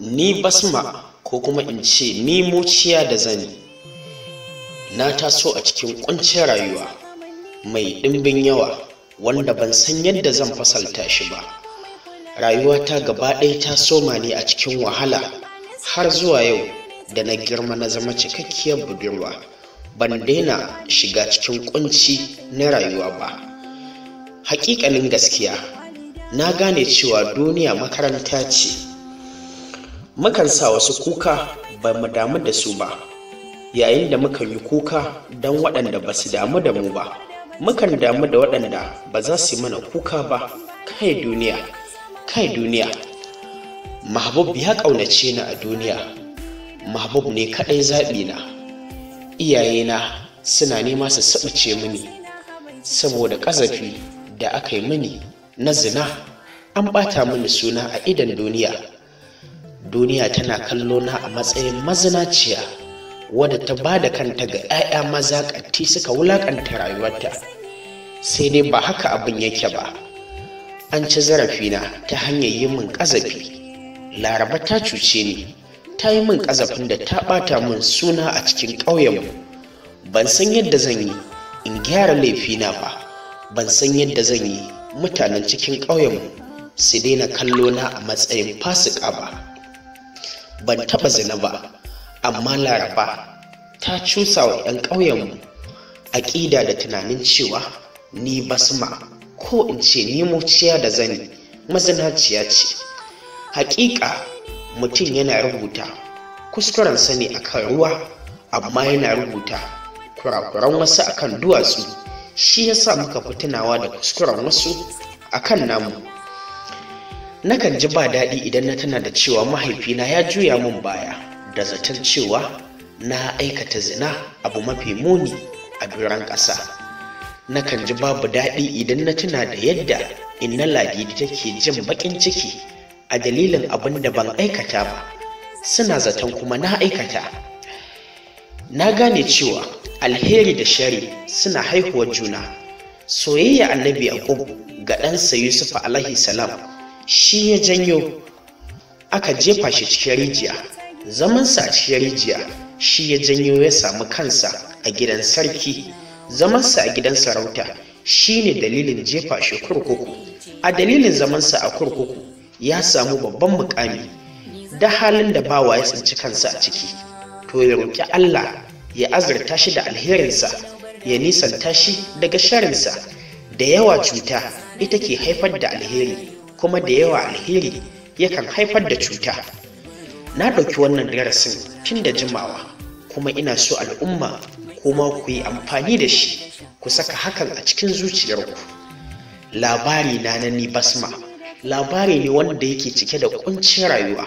ni basma ko kuma in ce ni mociya da zani na taso a cikin ƙuncin rayuwa mai ɗimbin yawa wanda ban san yadda zan fasalta shi ba rayuwata gaba ɗaya ta soma ne a cikin wahala har zuwa yau da na girma na zama cikakkiyar budurwa ban daina shiga cikin kunci na rayuwa ba hakikanin gaskiya na gane cewa duniya makaranta ce mukan sa wasu kuka ba mu damu da su ba yayin da mukan yi kuka don waɗanda ba su damu da mu ba mukan damu da waɗanda ba za su yi mana kuka ba kai duniya kai duniya mahbub ya ƙaunace ni a duniya mahbub ne kaɗai zaɓi na iyayena suna nema su saɓace mini saboda ƙazafi da aka yi mini na zina an ɓata mini suna a idan duniya duniya tana kallo na a matsayin mazinaciya wadda ta ba da kanta ga 'ya'ya maza ƙatti suka wulaƙanta rayuwarta sai dai ba haka abin yake ba an ci zarafina ta hanyar yi min ƙazafi laraba ta cuce ni ta yi min ƙazafin da ta ɓata min suna a cikin ƙauyenmu ban san yadda zan yi in gyara laifina ba ban san yadda zan yi mutanen cikin ƙauyenmu su daina kallo na a matsayin fasika ba ban taba zina ba amma laraba ta cusa wa 'yan ƙauyenmu aƙida da tunanin cewa ni basma ko in ce ni muciya da zani mazinaciya ce Haƙiƙa mutum yana rubuta kuskuren sani akan ruwa amma yana rubuta kurakuran wasu akan duwatsu shi yasa muka fi tunawa da kuskuren wasu akan namu nakan ji ba daɗi idan na tuna da cewa mahaifina ya juya min baya da zaton cewa na aikata zina abu mafi muni a duran ƙasa nakan ji babu daɗi idan na tuna da yadda inna ladidi take jin baƙin ciki a dalilin abin da ban aikata ba suna zaton kuma na aikata na gane cewa alheri da shari suna haihuwar juna soyayya annabi yaqub ga ɗansa yusuf alaihi salam shi ya janyo aka jefa shi cikin rijiya zamansa a cikin rijiya shi ya janyo ya samu kansa a gidan sarki zamansa a gidan sarauta shi ne dalilin jefa shi kurkuku a dalilin zamansa a kurkuku ya samu babban mukami da halin da bawa ya tsinci kansa a ciki to ya roƙi allah ya azurta shi da alherinsa ya nisanta shi daga sharinsa da yawa cuta ita ke haifar da alheri kuma da yawa alheri yakan haifar da cuta na ɗauki wannan darasin tun da jimawa kuma ina so al'umma kuma ku yi amfani da shi ku saka hakan a cikin zuciyarku labari na na ni basma labari ne wanda yake cike da kuncin rayuwa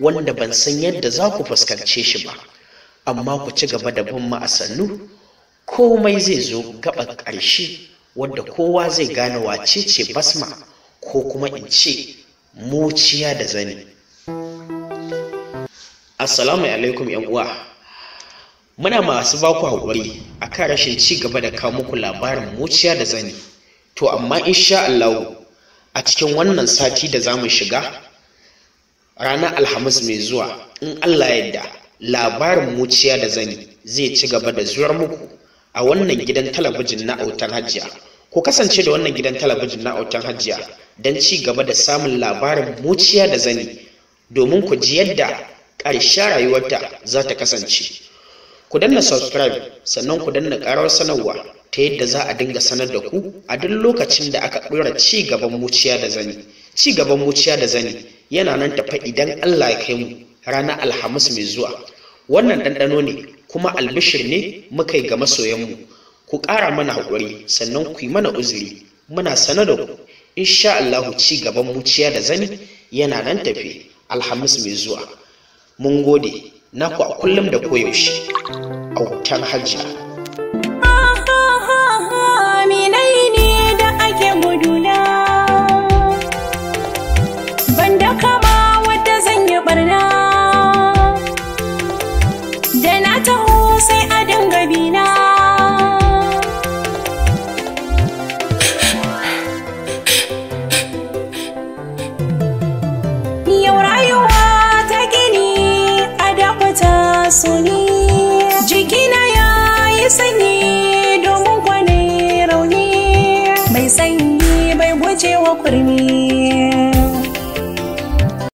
wanda ban san yadda za ku fuskance shi ba amma ku ci gaba da bin ma'asannu komai zai zo gaba ƙarshe wadda kowa zai gane wace ce basma ko kuma in ce muciya da zani assalamu alaikum yan uwa muna masu baku haƙuri a akan rashin ci gaba da kawo muku labarin muciya da zani to amma insha Allah a cikin wannan sati da zamu shiga ranar alhamis mai zuwa in Allah yadda labarin muciya da zani zai ci gaba da zuwar muku a wannan gidan talabijin na autar hajiya ku kasance da wannan gidan talabijin na autan hajiya don ci gaba da samun labarin muciya da zani domin ku ji yadda ƙarshen rayuwarta za ta kasance ku danna subscribe sannan ku danna ƙarar sanarwa ta yadda za a dinga sanar da ku a duk lokacin da aka ɗora ci gaban muciya da zani ci gaban muciya da zani yana nan tafa idan allah ya kai mu ranar alhamis mai zuwa wannan ɗanɗano ne kuma albishir ne muka yi ga masoyanmu ku ƙara mana haƙuri sannan ku yi mana uzuri muna sane da ku insha Allahu ci gaban muciya da zani yana nan tafi. alhamis mai zuwa mun gode naku a kullum da koyaushe autan hajjia सुनी जिकी नया सुनी